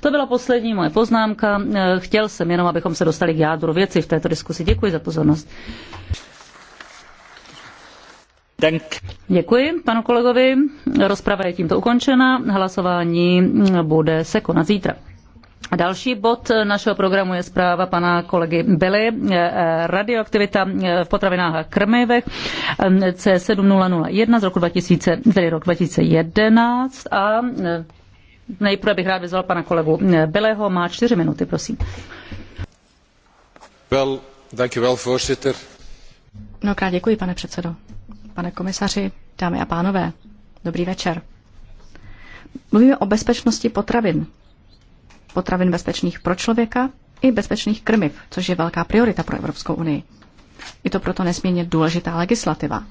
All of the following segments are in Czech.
To byla poslední moje poznámka. Eh, chtěl jsem jenom, abychom se dostali k jádru věci v této diskusi. Děkuji za pozornost. Děkuji panu kolegovi. Rozprava je tímto ukončena. Hlasování hm, bude se konat zítra. Další bod našeho programu je zpráva pana kolegy Billy, eh, radioaktivita eh, v potravinách a krmivech hm, C7001 z roku 2000, tedy rok 2011 a hm, Nejprve bych rád vyzval pana kolegu eh, Belého, Má čtyři minuty, prosím. Well, thank you well, voorzitter. Mnohokrát děkuji, pane předsedo. Pane komisaři, dámy a pánové, dobrý večer. Mluvíme o bezpečnosti potravin. Potravin bezpečných pro člověka i bezpečných krmiv, což je velká priorita pro Evropskou unii. Je to proto nesmírně důležitá legislativa.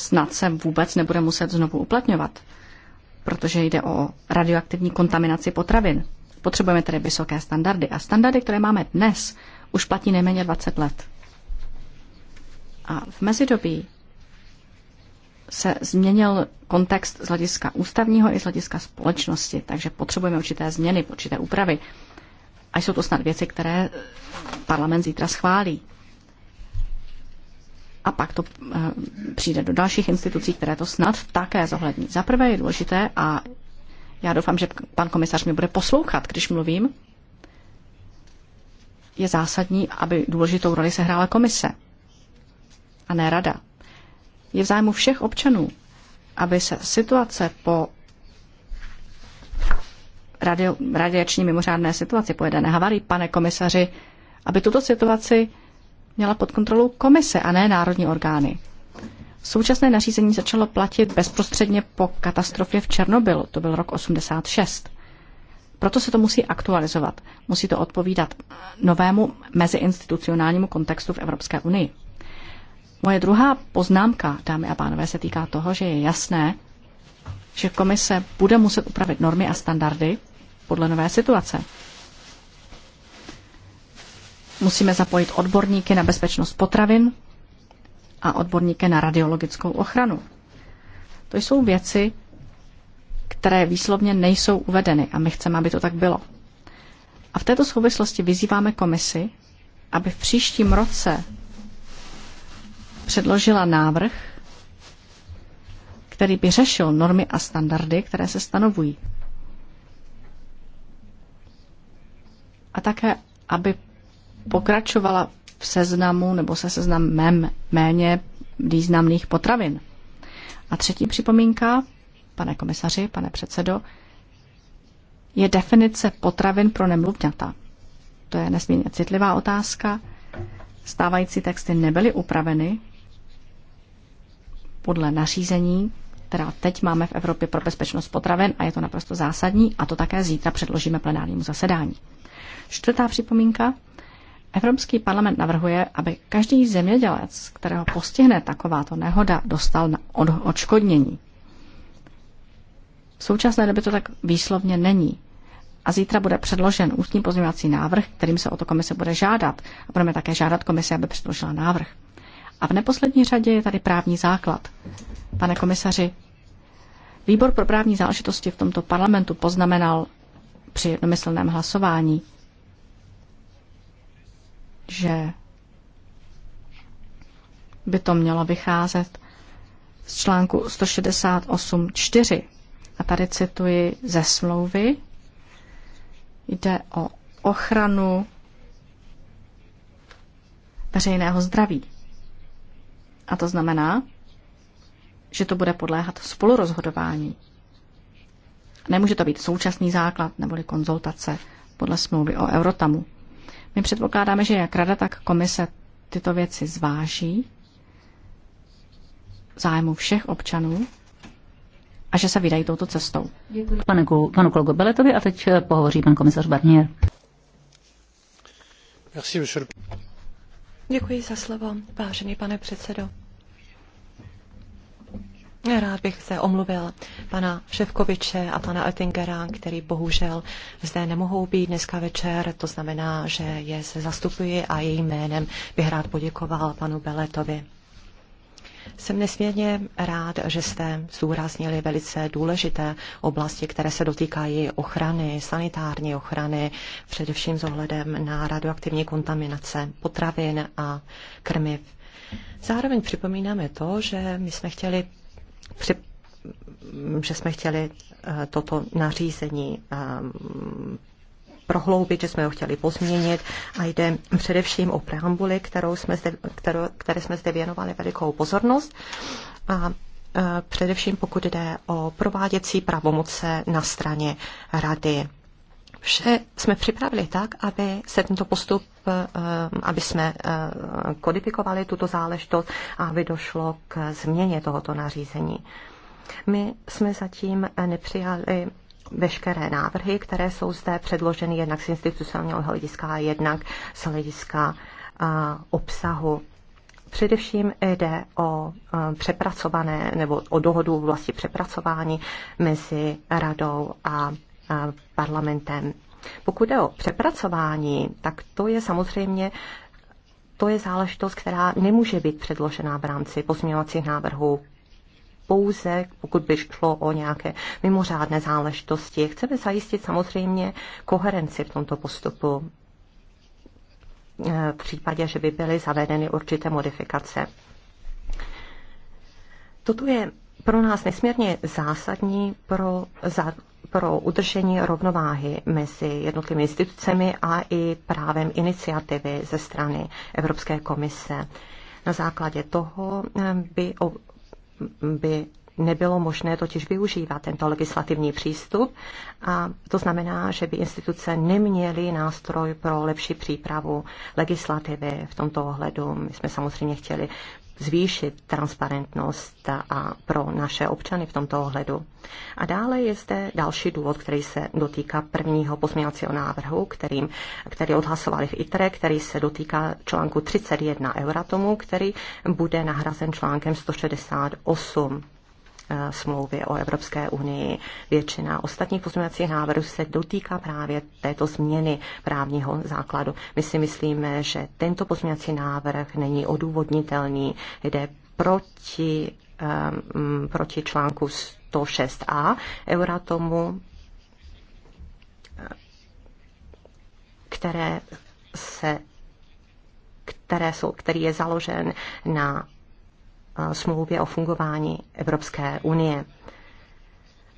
snad se vůbec nebude muset znovu uplatňovat, protože jde o radioaktivní kontaminaci potravin. Potřebujeme tedy vysoké standardy a standardy, které máme dnes, už platí nejméně 20 let. A v mezidobí se změnil kontext z hlediska ústavního i z hlediska společnosti, takže potřebujeme určité změny, určité úpravy. A jsou to snad věci, které parlament zítra schválí a pak to eh, přijde do dalších institucí, které to snad také zohlední. Za prvé je důležité a já doufám, že pan komisař mě bude poslouchat, když mluvím, je zásadní, aby důležitou roli sehrála komise a ne rada. Je v zájmu všech občanů, aby se situace po radio, radiační mimořádné situaci po jedné havarii, pane komisaři, aby tuto situaci měla pod kontrolou komise a ne národní orgány. Současné nařízení začalo platit bezprostředně po katastrofě v Černobylu, to byl rok 86. Proto se to musí aktualizovat. Musí to odpovídat novému meziinstitucionálnímu kontextu v Evropské unii. Moje druhá poznámka, dámy a pánové, se týká toho, že je jasné, že komise bude muset upravit normy a standardy podle nové situace. Musíme zapojit odborníky na bezpečnost potravin a odborníky na radiologickou ochranu. To jsou věci, které výslovně nejsou uvedeny a my chceme, aby to tak bylo. A v této souvislosti vyzýváme komisi, aby v příštím roce předložila návrh, který by řešil normy a standardy, které se stanovují. A také, aby pokračovala v seznamu nebo se seznamem méně významných potravin. A třetí připomínka, pane komisaři, pane předsedo, je definice potravin pro nemluvňata. To je nesmírně citlivá otázka. Stávající texty nebyly upraveny podle nařízení, která teď máme v Evropě pro bezpečnost potravin a je to naprosto zásadní a to také zítra předložíme plenárnímu zasedání. Čtvrtá připomínka Evropský parlament navrhuje, aby každý zemědělec, kterého postihne takováto nehoda, dostal na od, odškodnění. V současné době to tak výslovně není. A zítra bude předložen ústní pozměňovací návrh, kterým se o to komise bude žádat. A budeme také žádat komise, aby předložila návrh. A v neposlední řadě je tady právní základ. Pane komisaři, výbor pro právní záležitosti v tomto parlamentu poznamenal při jednomyslném hlasování že by to mělo vycházet z článku 168.4. A tady cituji ze smlouvy. Jde o ochranu veřejného zdraví. A to znamená, že to bude podléhat spolurozhodování. Nemůže to být současný základ neboli konzultace podle smlouvy o Eurotamu. My předpokládáme, že jak rada, tak komise tyto věci zváží zájmu všech občanů a že se vydají touto cestou. Děkuji pane, panu kolegu Beletovi a teď eh, pohovoří pan komisař Barnier. Děkuji za slovo, vážený pane předsedo. Rád bych se omluvil pana Ševkoviče a pana Oettingera, který bohužel zde nemohou být dneska večer. To znamená, že je se zastupuji a jejím jménem bych rád poděkoval panu Beletovi. Jsem nesmírně rád, že jste zúraznili velice důležité oblasti, které se dotýkají ochrany, sanitární ochrany, především s ohledem na radioaktivní kontaminace potravin a krmiv. Zároveň připomínáme to, že my jsme chtěli při, že jsme chtěli eh, toto nařízení ehm, prohloubit, že jsme ho chtěli pozměnit a jde především o preambuli, kterou jsme zde, kterou, které jsme zde věnovali velikou pozornost. A eh, především pokud jde o prováděcí pravomoce na straně rady vše jsme připravili tak, aby se tento postup, eh, eh, aby jsme eh, kodifikovali tuto záležitost a aby došlo k změně tohoto nařízení. My jsme zatím nepřijali veškeré návrhy, které jsou zde předloženy jednak z institucionálního hlediska a jednak z hlediska obsahu Především jde o přepracované nebo o dohodu vlastně přepracování mezi radou a parlamentem. Pokud jde o přepracování, tak to je samozřejmě to je záležitost, která nemůže být předložená v rámci pozměňovacích návrhů pouze, pokud by šlo o nějaké mimořádné záležitosti. Chceme zajistit samozřejmě koherenci v tomto postupu e, v případě, že by byly zavedeny určité modifikace. Toto je pro nás nesmírně zásadní pro, za, pro udržení rovnováhy mezi jednotlivými institucemi a i právem iniciativy ze strany Evropské komise. Na základě toho eh, by, by nebylo možné totiž využívat tento legislativní přístup a to znamená, že by instituce neměly nástroj pro lepší přípravu legislativy v tomto ohledu. My jsme samozřejmě chtěli zvýšit transparentnost a pro naše občany v tomto ohledu. A dále je zde další důvod, který se dotýká prvního pozměňovacího návrhu, kterým, který odhlasovali v ITRE, který se dotýká článku 31 Euratomu, který bude nahrazen článkem 168 E, smlouvy o Evropské unii. Většina ostatních pozměňovacích návrhů se dotýká právě této změny právního základu. My si myslíme, že tento pozměňovací návrh není odůvodnitelný, jde proti, um, proti článku 106a Euratomu, které se které jsou, který je založen na Eh, smlouvě o fungování Evropské unie.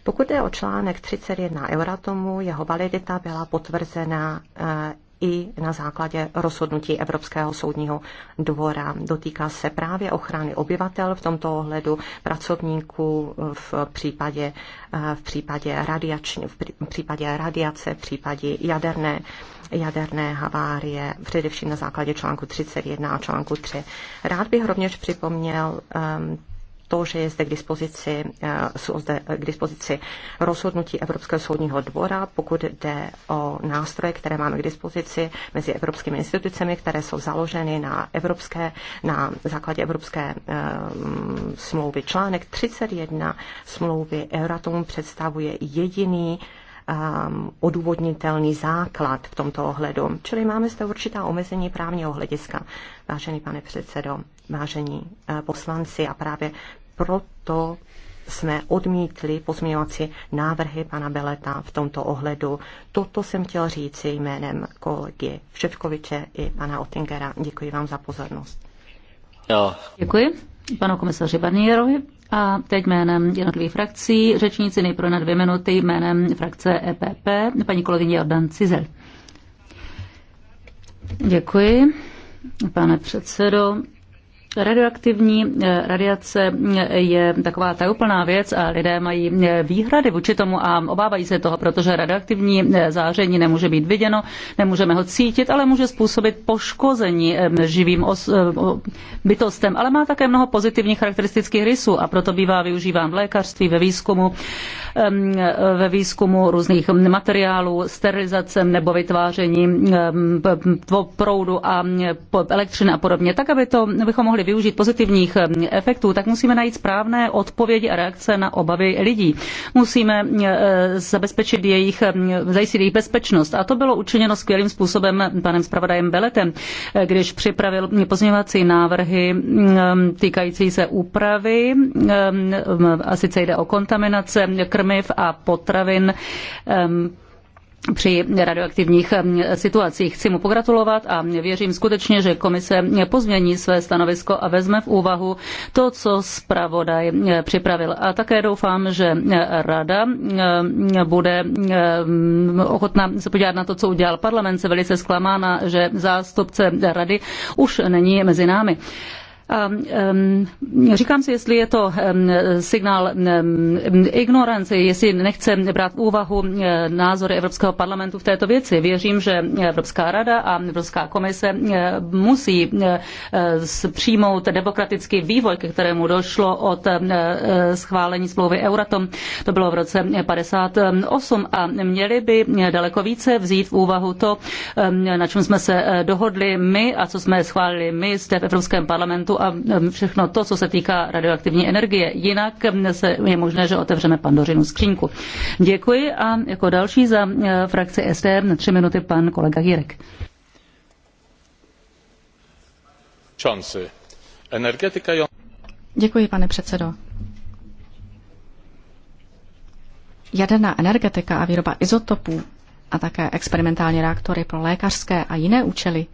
Pokud je o článek 31 Euratomu, jeho validita byla potvrzena eh, i na základě rozhodnutí Evropského soudního dvora. Dotýká se právě ochrany obyvatel v tomto ohledu, pracovníků v případě, v případě, radiační, v případě radiace, v případě jaderné, jaderné havárie, především na základě článku 31 a článku 3. Rád bych rovněž připomněl um, to, že je zde k dispozici, eh, jsou zde eh, k dispozici rozhodnutí Evropského soudního dvora, pokud jde o nástroje, které máme k dispozici mezi evropskými institucemi, které jsou založeny na evropské, na základě evropské eh, smlouvy. Článek 31 smlouvy Euratom představuje jediný odůvodnitelný základ v tomto ohledu. Čili máme zde určitá omezení právního hlediska. Vážený pane předsedo, vážení poslanci a právě proto jsme odmítli pozměňovací návrhy pana Beleta v tomto ohledu. Toto jsem chtěl říct jménem kolegy Všetkoviče i pana Otingera. Děkuji vám za pozornost. Jo. Děkuji panu komisaři Barnierovi. A teď jménem jednotlivých frakcí, řečníci nejprve na dvě minuty, jménem frakce EPP, paní kolegyně Jordan Cizel. Děkuji, pane předsedo. Radioaktivní eh, radiace eh, je taková tajuplná věc a lidé mají eh, výhrady vůči tomu a obávají se toho, protože radioaktivní záření nemůže být viděno, nemůžeme ho cítit, ale může způsobit poškození živým bytostem, ale má také mnoho pozitivních charakteristických rysů a proto bývá využíván v lékařství, ve výzkumu, ve výzkumu různých materiálů, sterilizacem nebo vytváření proudu a elektřiny a podobně, tak aby to, abychom mohli chtěli využít pozitivních efektů, tak musíme najít správné odpovědi a reakce na obavy lidí. Musíme zabezpečit jejich, zajistit jejich bezpečnost. A to bylo učiněno skvělým způsobem panem zpravodajem Beletem, když připravil pozměňovací návrhy týkající se úpravy, a sice jde o kontaminace krmiv a potravin při radioaktivních eh, situacích. Chci mu pogratulovat a věřím skutečně, že komise pozmění své stanovisko a vezme v úvahu to, co zpravodaj eh, připravil. A také doufám, že eh, rada bude ochotná se podívat na to, co udělal parlament. Se velice zklamána, že zástupce rady už není mezi námi. A ehm, ehm, říkám si, jestli je to ehm, signál ignorance, jestli nechce brát v úvahu eh, názory Evropského parlamentu v této věci. Věřím, že Evropská rada a Evropská komise eh, musí eh, přijmout demokratický vývoj, ke kterému došlo od schválení smlouvy Euratom. To bylo v roce 58 a měli by daleko více vzít v úvahu to, na čem jsme se dohodli my a co jsme schválili my zde v Evropském parlamentu a um, všechno to, co se týká radioaktivní energie. Jinak um, se, je možné, že otevřeme pandořinu skřínku. Děkuji a jako další za uh, frakci SD na tři minuty pan kolega Jirek. Energetika... Děkuji, pane předsedo. Jaderná energetika a výroba izotopů a také experimentální reaktory pro lékařské a jiné účely.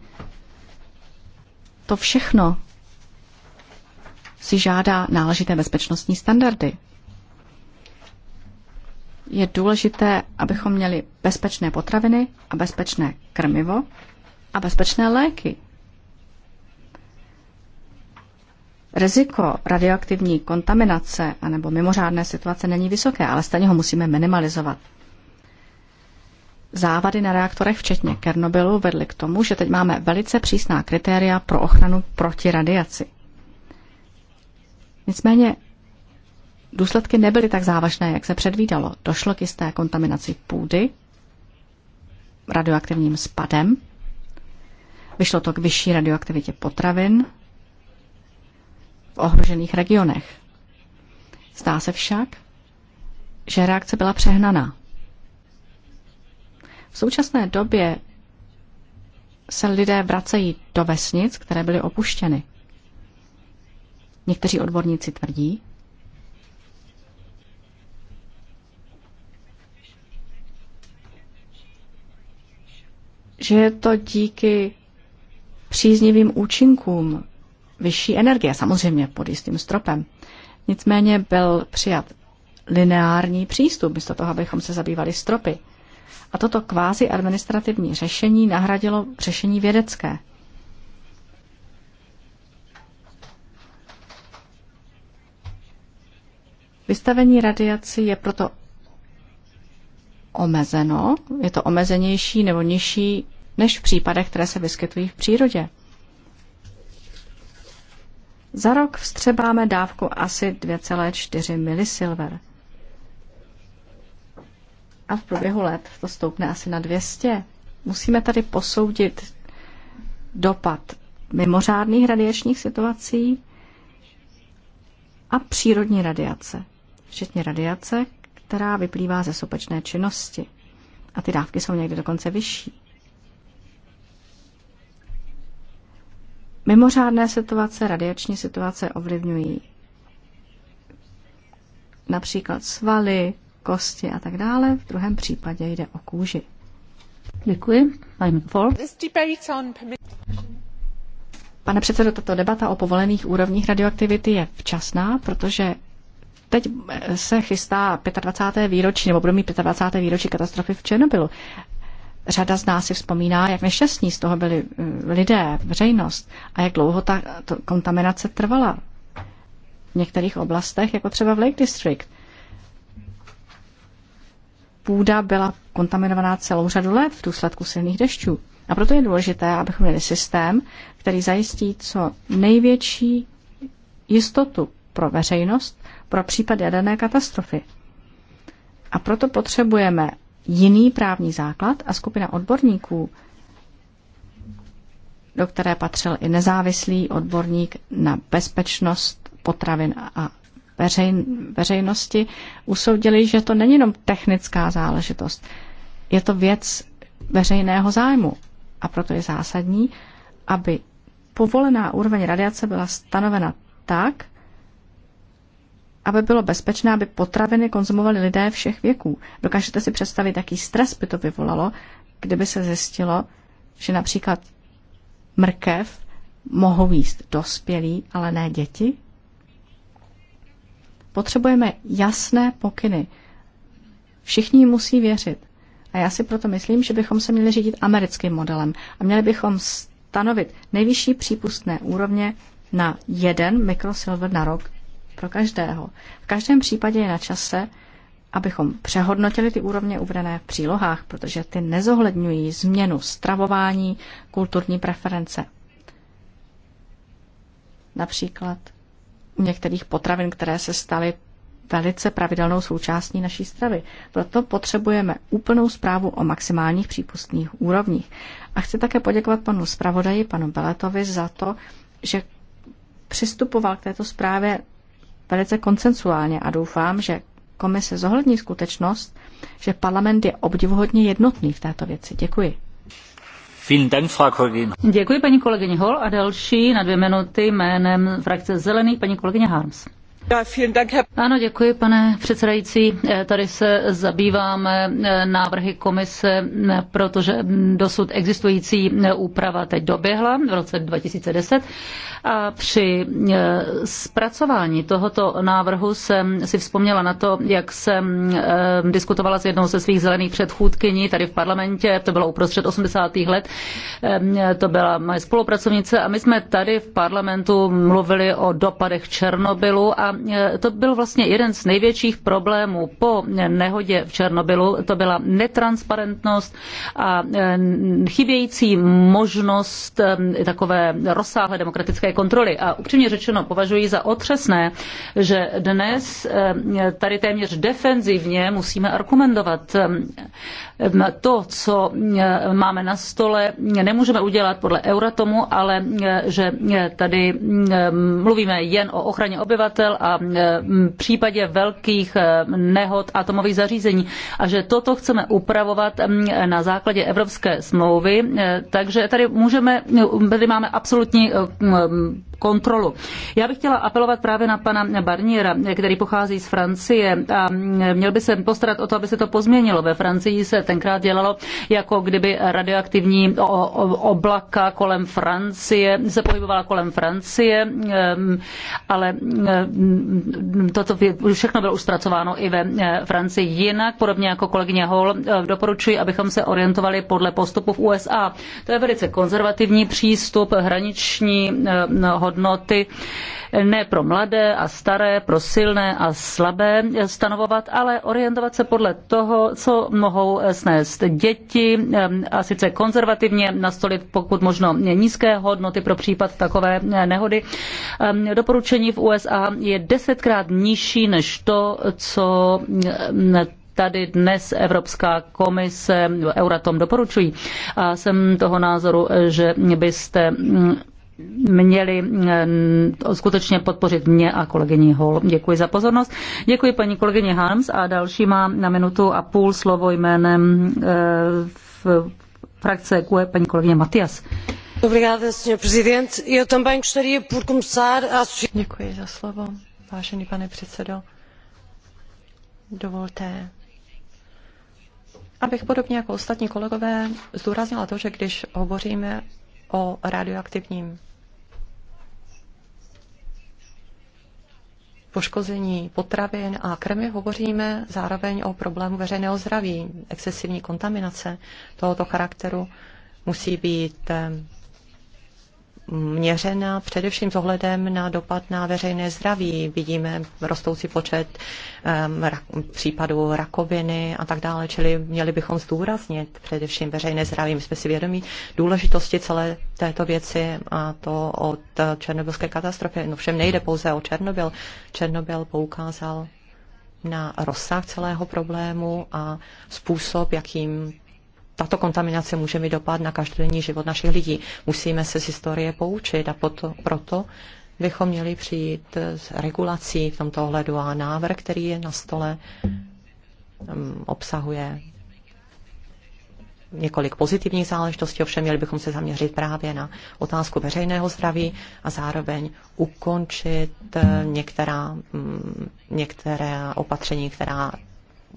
To všechno si žádá náležité bezpečnostní standardy. Je důležité, abychom měli bezpečné potraviny a bezpečné krmivo a bezpečné léky. Riziko radioaktivní kontaminace anebo mimořádné situace není vysoké, ale stejně ho musíme minimalizovat. Závady na reaktorech, včetně Kernobylu, vedly k tomu, že teď máme velice přísná kritéria pro ochranu proti radiaci. Nicméně důsledky nebyly tak závažné, jak se předvídalo. Došlo k jisté kontaminaci půdy radioaktivním spadem, vyšlo to k vyšší radioaktivitě potravin v ohrožených regionech. Zdá se však, že reakce byla přehnaná. V současné době se lidé vracejí do vesnic, které byly opuštěny. Někteří odborníci tvrdí, že je to díky příznivým účinkům vyšší energie, samozřejmě pod jistým stropem. Nicméně byl přijat lineární přístup, místo toho, abychom se zabývali stropy. A toto kvázi administrativní řešení nahradilo řešení vědecké. Vystavení radiaci je proto omezeno, je to omezenější nebo nižší než v případech, které se vyskytují v přírodě. Za rok vstřebáme dávku asi 2,4 milisilver. A v průběhu let to stoupne asi na 200. Musíme tady posoudit dopad mimořádných radiačních situací a přírodní radiace včetně radiace, která vyplývá ze sopečné činnosti. A ty dávky jsou někdy dokonce vyšší. Mimořádné situace, radiační situace ovlivňují například svaly, kosti a tak dále. V druhém případě jde o kůži. Děkuji. Pane předsedo, tato debata o povolených úrovních radioaktivity je včasná, protože Teď se chystá 25. výročí, nebo budeme mít 25. výročí katastrofy v Černobylu. Řada z nás si vzpomíná, jak nešťastní z toho byli eh, lidé, veřejnost a jak dlouho ta to, kontaminace trvala. V některých oblastech, jako třeba v Lake District, půda byla kontaminovaná celou řadu let v důsledku silných dešťů. A proto je důležité, abychom měli systém, který zajistí co největší jistotu pro veřejnost pro případ jaderné katastrofy. A proto potřebujeme jiný právní základ a skupina odborníků, do které patřil i nezávislý odborník na bezpečnost potravin a veřejn, veřejnosti, usoudili, že to není jenom technická záležitost. Je to věc veřejného zájmu a proto je zásadní, aby povolená úroveň radiace byla stanovena tak, aby bylo bezpečné, aby potraviny konzumovali lidé všech věků. Dokážete si představit, jaký stres by to vyvolalo, kdyby se zjistilo, že například mrkev mohou jíst dospělí, ale ne děti? Potřebujeme jasné pokyny. Všichni musí věřit. A já si proto myslím, že bychom se měli řídit americkým modelem a měli bychom stanovit nejvyšší přípustné úrovně na jeden mikrosilver na rok pro každého. V každém případě je na čase, abychom přehodnotili ty úrovně uvedené v přílohách, protože ty nezohledňují změnu stravování, kulturní preference. Například u některých potravin, které se staly velice pravidelnou součástí naší stravy. Proto potřebujeme úplnou zprávu o maximálních přípustných úrovních. A chci také poděkovat panu zpravodaji, panu Beletovi, za to, že přistupoval k této zprávě velice konsensuálně a doufám, že komise zohlední skutečnost, že parlament je obdivuhodně jednotný v této věci. Děkuji. Děkuji paní kolegyně Hol a další na dvě minuty jménem frakce Zelených paní kolegyně Harms. Ano, děkuji, pane předsedající. Eh, tady se zabýváme eh, návrhy komise, eh, protože mm, dosud existující úprava teď doběhla v roce 2010 a při zpracování tohoto návrhu jsem si vzpomněla na to, jak jsem diskutovala s jednou ze svých zelených předchůdkyní tady v parlamentě, to bylo uprostřed 80. let, ehm, to byla moje spolupracovnice a my jsme tady v parlamentu mluvili o dopadech Černobylu a to byl vlastně jeden z největších problémů po nehodě v Černobylu. To byla netransparentnost a mm, chybějící možnost mm, takové rozsáhlé demokratické kontroly. A upřímně řečeno považuji za otřesné, že dnes mm, tady téměř defenzivně musíme argumentovat to, co máme na stole, nemůžeme udělat podle Euratomu, ale že tady mluvíme jen o ochraně obyvatel a a v případě velkých e, nehod atomových zařízení. A že toto chceme upravovat na základě Evropské smlouvy, e, takže tady můžeme, tady máme absolutní e, kontrolu. Já bych chtěla apelovat právě na pana Barniera, který pochází z Francie a měl by se postarat o to, aby se to pozměnilo. Ve Francii se tenkrát dělalo, jako kdyby radioaktivní oblaka kolem Francie se pohybovala kolem Francie, ehm, ale ehm, toto všechno bylo už zpracováno i ve eh, Francii. Jinak, podobně jako kolegyně Hall, eh, doporučuji, abychom se orientovali podle postupu v USA. To je velice konzervativní přístup, hraniční eh, no, hodnoty ne pro mladé a staré, pro silné a slabé stanovovat, ale orientovat se podle toho, co mohou snést děti a sice konzervativně nastolit pokud možno nízké hodnoty pro případ takové nehody. Doporučení v USA je desetkrát nižší než to, co tady dnes Evropská komise Euratom doporučují. A jsem toho názoru, že byste měli eh, skutečně podpořit mě a kolegyni Hol. Děkuji za pozornost. Děkuji paní kolegyni Harms a další má na minutu a půl slovo jménem eh, v frakce QE paní kolegyně Matias. Děkuji za slovo, vážený pane předsedo. Dovolte, abych podobně jako ostatní kolegové zdůraznila to, že když hovoříme o radioaktivním poškození potravin a krmy hovoříme zároveň o problému veřejného zdraví. Excesivní kontaminace tohoto charakteru musí být eh, měřena především s ohledem na dopad na veřejné zdraví. Vidíme rostoucí počet um, rak, případů rakoviny a tak dále, čili měli bychom zdůraznit především veřejné zdraví. My jsme si vědomí důležitosti celé této věci a to od černobylské katastrofy. No všem nejde pouze o Černobyl. Černobyl poukázal na rozsah celého problému a způsob, jakým tato kontaminace může mít dopad na každodenní život našich lidí. Musíme se z historie poučit a proto, proto bychom měli přijít s regulací v tomto ohledu a návrh, který je na stole, mm, obsahuje několik pozitivních záležitostí, ovšem měli bychom se zaměřit právě na otázku veřejného zdraví a zároveň ukončit eh, některá, mm, některé opatření, která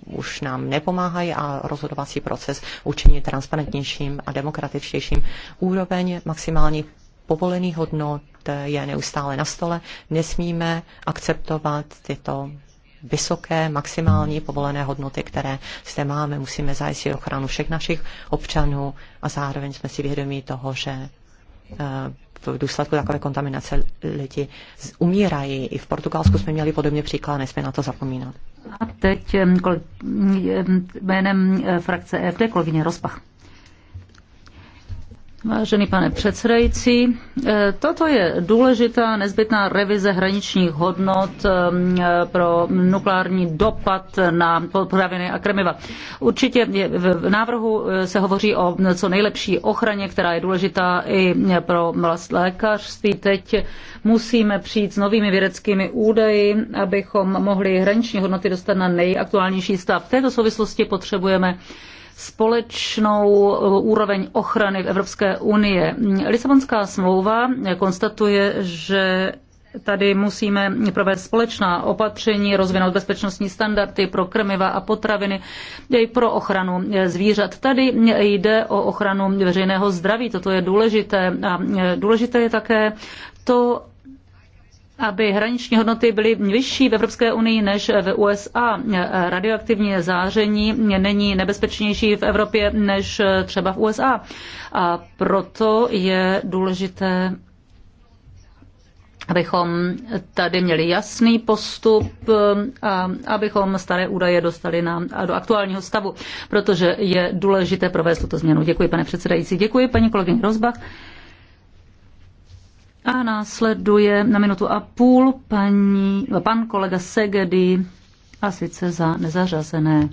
už nám nepomáhají a rozhodovací proces učení transparentnějším a demokratičtějším. Úroveň maximální povolených hodnot je neustále na stole. Nesmíme akceptovat tyto vysoké maximální povolené hodnoty, které zde máme. Musíme zajistit ochranu všech našich občanů a zároveň jsme si vědomí toho, že eh, v důsledku takové kontaminace lidi umírají. I v Portugalsku jsme měli podobně příklad, nesmí na to zapomínat. A teď jménem eh, frakce EFD kolegyně Rozpach. Vážený pane předsedající, eh, toto je důležitá nezbytná revize hraničních hodnot ehm, eh, pro nukleární dopad na potraviny a krmiva. Určitě v návrhu eh, se hovoří o co nejlepší ochraně, která je důležitá i pro vlast lékařství. Teď musíme přijít s novými vědeckými údaji, abychom mohli hraniční hodnoty dostat na nejaktuálnější stav. V této souvislosti potřebujeme společnou eh, úroveň ochrany v Evropské unie. Lisabonská smlouva eh, konstatuje, že tady musíme provést společná opatření, rozvinout bezpečnostní standardy pro krmiva a potraviny, i pro ochranu eh, zvířat. Tady jde o ochranu veřejného zdraví, toto je důležité. A důležité je také to, aby hraniční hodnoty byly vyšší v Evropské unii než v USA. Radioaktivní záření není nebezpečnější v Evropě než třeba v USA. A proto je důležité abychom tady měli jasný postup a abychom staré údaje dostali na, do aktuálního stavu, protože je důležité provést tuto změnu. Děkuji, pane předsedající. Děkuji, paní kolegyně Rozbach. A následuje na minutu a půl paní, pan kolega Segedy, a sice za nezařazené.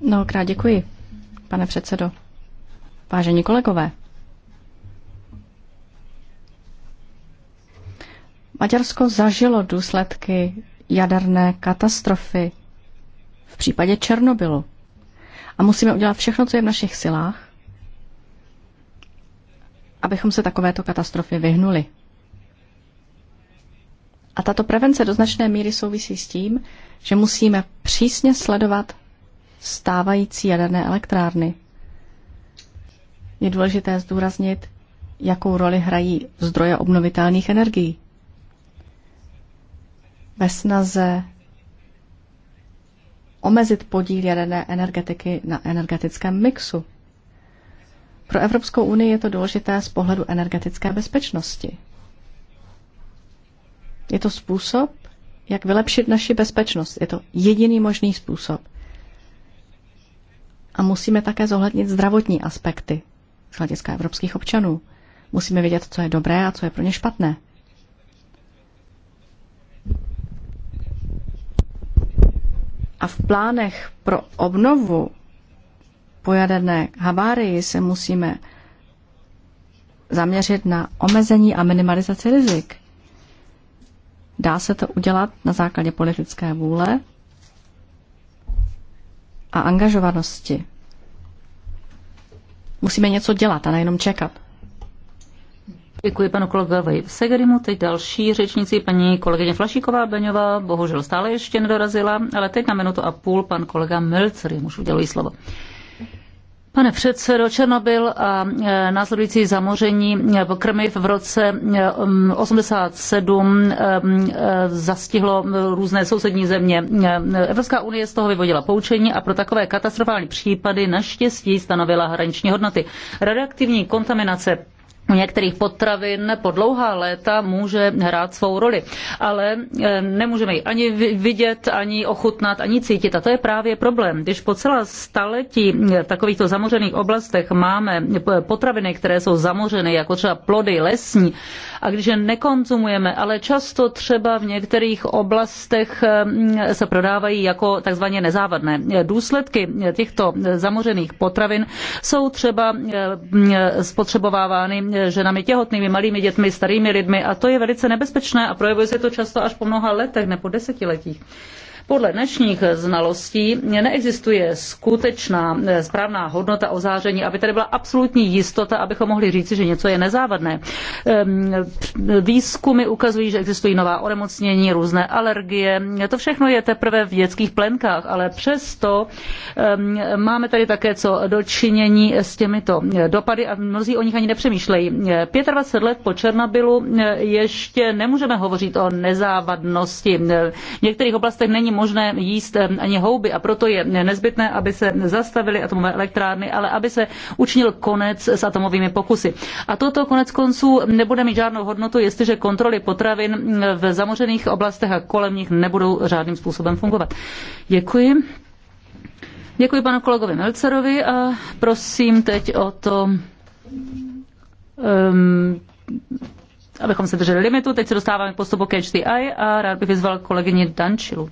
Mnohokrát děkuji, pane předsedo. Vážení kolegové, Maďarsko zažilo důsledky jaderné katastrofy v případě Černobylu. A musíme udělat všechno, co je v našich silách, abychom se takovéto katastrofy vyhnuli. A tato prevence do značné míry souvisí s tím, že musíme přísně sledovat stávající jaderné elektrárny. Je důležité zdůraznit, jakou roli hrají zdroje obnovitelných energií. Ve snaze omezit podíl jaderné energetiky na energetickém mixu. Pro Evropskou unii je to důležité z pohledu energetické bezpečnosti. Je to způsob, jak vylepšit naši bezpečnost. Je to jediný možný způsob. A musíme také zohlednit zdravotní aspekty z hlediska evropských občanů. Musíme vědět, co je dobré a co je pro ně špatné. A v plánech pro obnovu po jaderné havárii se musíme zaměřit na omezení a minimalizaci rizik. Dá se to udělat na základě politické vůle a angažovanosti. Musíme něco dělat a nejenom čekat. Děkuji panu kolegovi Segerimu. Teď další řečnici, paní kolegyně Flašíková Beňová, bohužel stále ještě nedorazila, ale teď na minutu a půl pan kolega Melcer, jemuž uděluji slovo. Pane předsedo, Černobyl a e, následující zamoření e, krmiv v roce 87 e, zastihlo různé sousední země. Evropská unie z toho vyvodila poučení a pro takové katastrofální případy naštěstí stanovila hraniční hodnoty. Radioaktivní kontaminace u některých potravin po dlouhá léta může hrát svou roli. Ale eh, nemůžeme ji ani vidět, ani ochutnat, ani cítit. A to je právě problém. Když po celá staletí v takovýchto zamořených oblastech máme potraviny, které jsou zamořeny, jako třeba plody lesní, a když je nekonzumujeme, ale často třeba v některých oblastech mm, se prodávají jako takzvaně nezávadné. Důsledky těchto zamořených potravin jsou třeba eh, mm, spotřebovávány ženami těhotnými, malými dětmi, starými lidmi a to je velice nebezpečné a projevuje se to často až po mnoha letech ne po desetiletích. Podle dnešních znalostí neexistuje skutečná eh, správná hodnota ozáření, aby tady byla absolutní jistota, abychom mohli říci, že něco je nezávadné. Ehm, výzkumy ukazují, že existují nová onemocnění, různé alergie. To všechno je teprve v dětských plenkách, ale přesto ehm, máme tady také co dočinění s těmito eh, dopady a mnozí o nich ani nepřemýšlejí. 25 eh, let po Černobylu ještě nemůžeme hovořit o nezávadnosti. V některých oblastech není možné jíst eh, ani houby a proto je nezbytné, aby se zastavily atomové elektrárny, ale aby se učinil konec s atomovými pokusy. A toto konec konců nebude mít žádnou hodnotu, jestliže kontroly potravin eh, v zamořených oblastech a kolem nich nebudou žádným způsobem fungovat. Děkuji. Děkuji panu kolegovi Melcerovi a prosím teď o to, um, abychom se drželi limitu. Teď se dostáváme k postupu k a rád bych vyzval kolegyni Dančilu.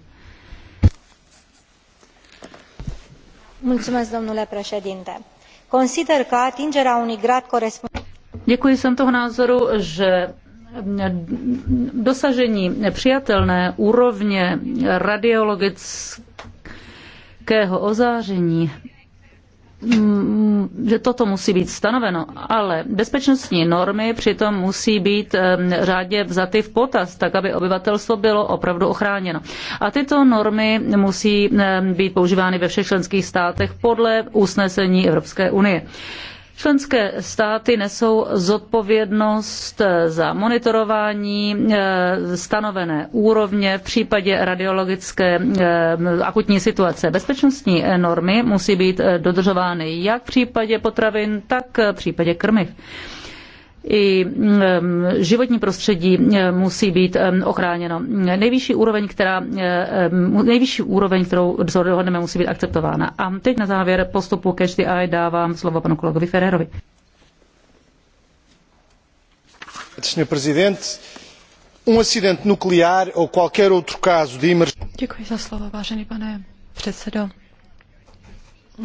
Děkuji, jsem toho názoru, že dosažení přijatelné úrovně radiologického ozáření Mm, že toto musí být stanoveno, ale bezpečnostní normy přitom musí být řádně vzaty v potaz, tak aby obyvatelstvo bylo opravdu ochráněno. A tyto normy musí být používány ve všech členských státech podle usnesení Evropské unie. Členské státy nesou zodpovědnost za monitorování eh, stanovené úrovně v případě radiologické eh, akutní situace. Bezpečnostní normy musí být eh, dodržovány jak v případě potravin, tak v případě krmiv i mm, životní prostředí mm, musí být mm, ochráněno. Nejvyšší úroveň, která, nejvyšší úroveň kterou dohodneme, musí být akceptována. A teď na závěr postupu Cash the Eye dávám slovo panu kolegovi Ferrerovi. Senhor Presidente, um acidente nuclear ou qualquer outro caso de emergência. Děkuji za slovo, vážený pane předsedo.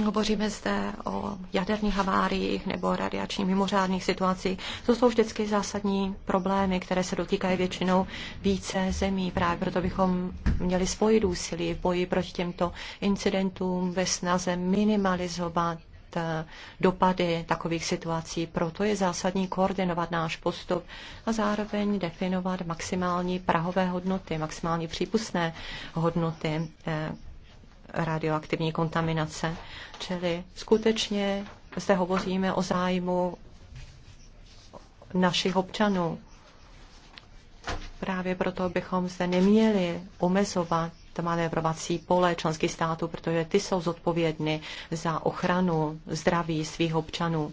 Hovoříme zde o jaderných haváriích nebo radiačních mimořádných situacích. To jsou vždycky zásadní problémy, které se dotýkají většinou více zemí. Právě proto bychom měli spojit úsilí v boji proti těmto incidentům ve snaze minimalizovat eh, dopady takových situací. Proto je zásadní koordinovat náš postup a zároveň definovat maximální prahové hodnoty, maximální přípustné hodnoty eh, radioaktivní kontaminace. Čili skutečně zde hovoříme o zájmu našich občanů. Právě proto bychom zde neměli omezovat manévrovací pole členských států, protože ty jsou zodpovědny za ochranu zdraví svých občanů.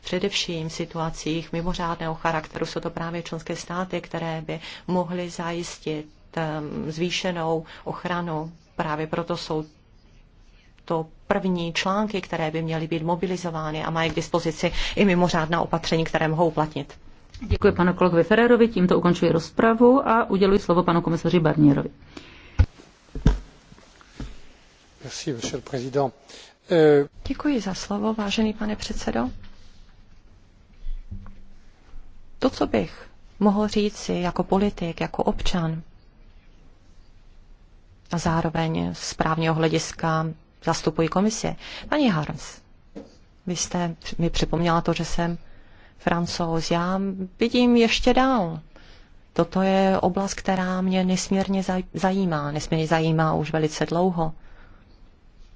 Především v situacích mimořádného charakteru jsou to právě členské státy, které by mohly zajistit ehm, zvýšenou ochranu Právě proto jsou to první články, které by měly být mobilizovány a mají k dispozici i mimořádná opatření, které mohou uplatnit. Děkuji panu kolegovi Ferrerovi, tímto ukončuji rozpravu a uděluji slovo panu komisaři Barnierovi. Euh, Děkuji za slovo, vážený pane předsedo. To, co bych mohl říct si jako politik, jako občan, a zároveň z právního hlediska zastupuji komisie. Pani Harms, vy jste mi připomněla to, že jsem francouz. Já vidím ještě dál. Toto je oblast, která mě nesmírně zajímá. Nesmírně zajímá už velice dlouho.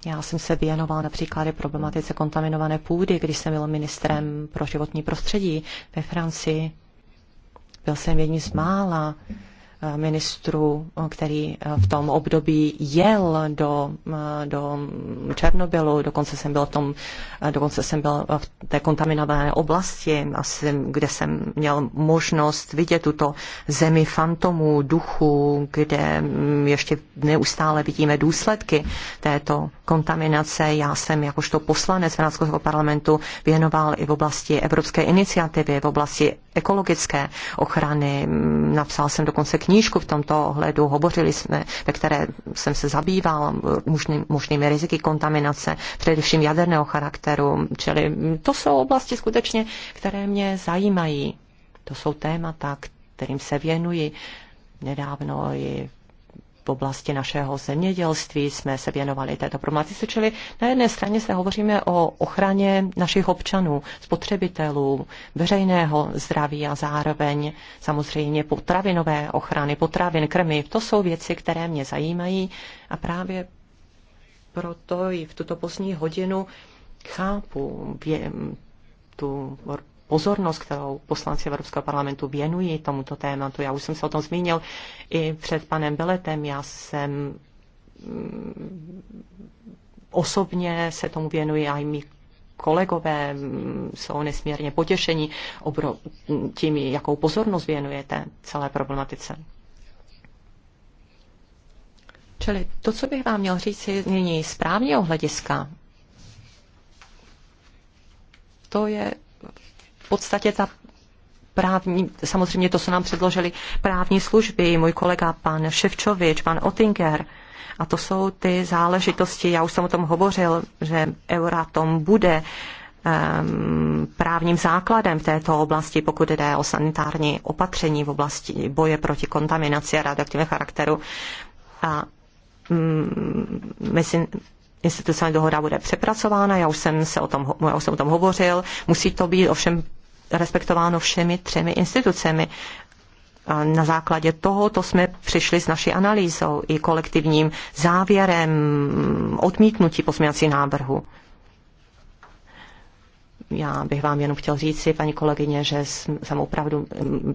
Já jsem se věnoval například problematice kontaminované půdy, když jsem byl ministrem pro životní prostředí ve Francii. Byl jsem jedním z mála, ministrů, který eh, v tom období jel do, eh, do Černobylu, dokonce jsem byl v tom, eh, dokonce jsem byl v té kontaminované oblasti, asi, kde jsem měl možnost vidět tuto zemi fantomů, duchu, kde mm, ještě neustále vidíme důsledky této kontaminace. Já jsem jakožto poslanec Francouzského parlamentu věnoval i v oblasti evropské iniciativy, v oblasti ekologické ochrany. Mm, napsal jsem dokonce knížku v tomto ohledu, hovořili jsme, ve které jsem se zabýval možný, možnými riziky kontaminace, především jaderného charakteru, čili to jsou oblasti skutečně, které mě zajímají. To jsou témata, kterým se věnuji nedávno i v oblasti našeho zemědělství jsme se věnovali této problematice, čili na jedné straně se hovoříme o ochraně našich občanů, spotřebitelů, veřejného zdraví a zároveň samozřejmě potravinové ochrany, potravin, krmy. To jsou věci, které mě zajímají a právě proto i v tuto pozdní hodinu chápu vě, tu pozornost, kterou poslanci Evropského parlamentu věnují tomuto tématu. Já už jsem se o tom zmínil i před panem Beletem. Já jsem mm, osobně se tomu věnuji a i mý kolegové mm, jsou nesmírně potěšení obro, tím, jakou pozornost věnujete celé problematice. Čili to, co bych vám měl říct, nyní z hlediska, to je podstatě ta právní, samozřejmě to, co nám předložili právní služby, můj kolega pan Ševčovič, pan Otinger, a to jsou ty záležitosti, já už jsem o tom hovořil, že Euratom bude ehm, právním základem v této oblasti, pokud jde o sanitární opatření v oblasti boje proti kontaminaci a radioaktivního charakteru. A mm, myslím, institucionální dohoda bude přepracována, já už jsem, se o tom, já už jsem o tom hovořil, musí to být ovšem respektováno všemi třemi institucemi. A na základě toho to jsme přišli s naší analýzou i kolektivním závěrem odmítnutí posměnací návrhu. Já bych vám jenom chtěl říci, paní kolegyně, že jsem opravdu,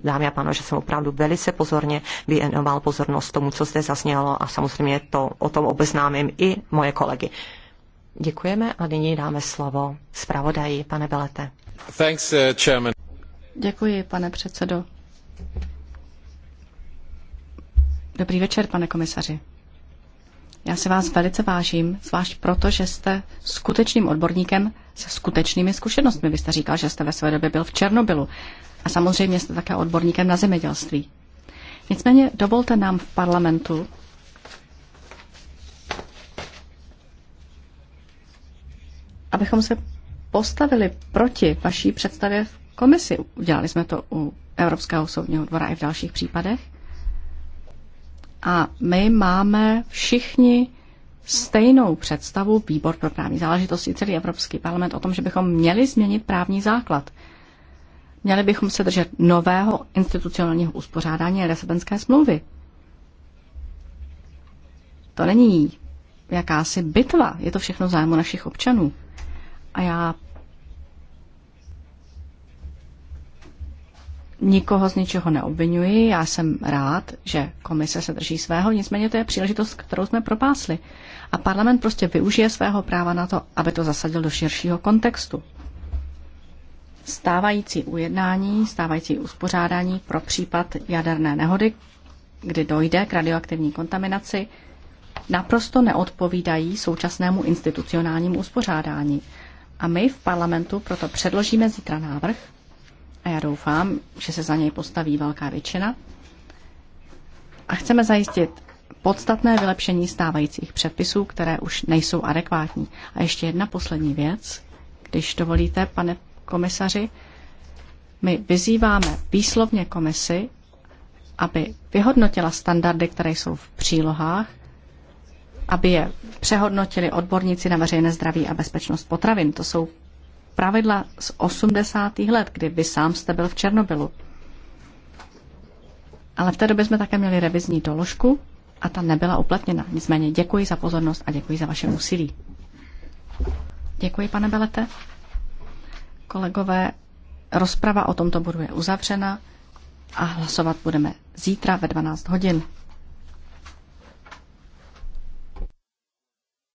dámy a pánové, že jsem opravdu velice pozorně věnoval pozornost tomu, co zde zaznělo a samozřejmě to o tom obeznámím i moje kolegy. Děkujeme a nyní dáme slovo zpravodaji, pane Belete. Uh, Děkuji, pane předsedo. Dobrý večer, pane komisaři. Já se vás velice vážím, zvlášť proto, že jste skutečným odborníkem se skutečnými zkušenostmi. Vy jste říkal, že jste ve své době byl v Černobylu a samozřejmě jste také odborníkem na zemědělství. Nicméně dovolte nám v parlamentu abychom se postavili proti vaší představě v komisi. Udělali jsme to u Evropského soudního dvora i v dalších případech. A my máme všichni stejnou představu výbor pro právní záležitosti, celý Evropský parlament o tom, že bychom měli změnit právní základ. Měli bychom se držet nového institucionálního uspořádání Lisabonské smlouvy. To není jakási bitva, je to všechno zájmu našich občanů. A já nikoho z ničeho neobvinuji, já jsem rád, že komise se drží svého, nicméně to je příležitost, kterou jsme propásli. A parlament prostě využije svého práva na to, aby to zasadil do širšího kontextu. Stávající ujednání, stávající uspořádání pro případ jaderné nehody, kdy dojde k radioaktivní kontaminaci, naprosto neodpovídají současnému institucionálnímu uspořádání. A my v parlamentu proto předložíme zítra návrh a já doufám, že se za něj postaví velká většina. A chceme zajistit podstatné vylepšení stávajících předpisů, které už nejsou adekvátní. A ještě jedna poslední věc, když dovolíte, pane komisaři, my vyzýváme výslovně komisi, aby vyhodnotila standardy, které jsou v přílohách aby je přehodnotili odborníci na veřejné zdraví a bezpečnost potravin. To jsou pravidla z 80. let, kdy vy sám jste byl v Černobylu. Ale v té době jsme také měli revizní doložku a ta nebyla uplatněna. Nicméně děkuji za pozornost a děkuji za vaše úsilí. Děkuji, pane Belete. Kolegové, rozprava o tomto bodu je uzavřena a hlasovat budeme zítra ve 12 hodin.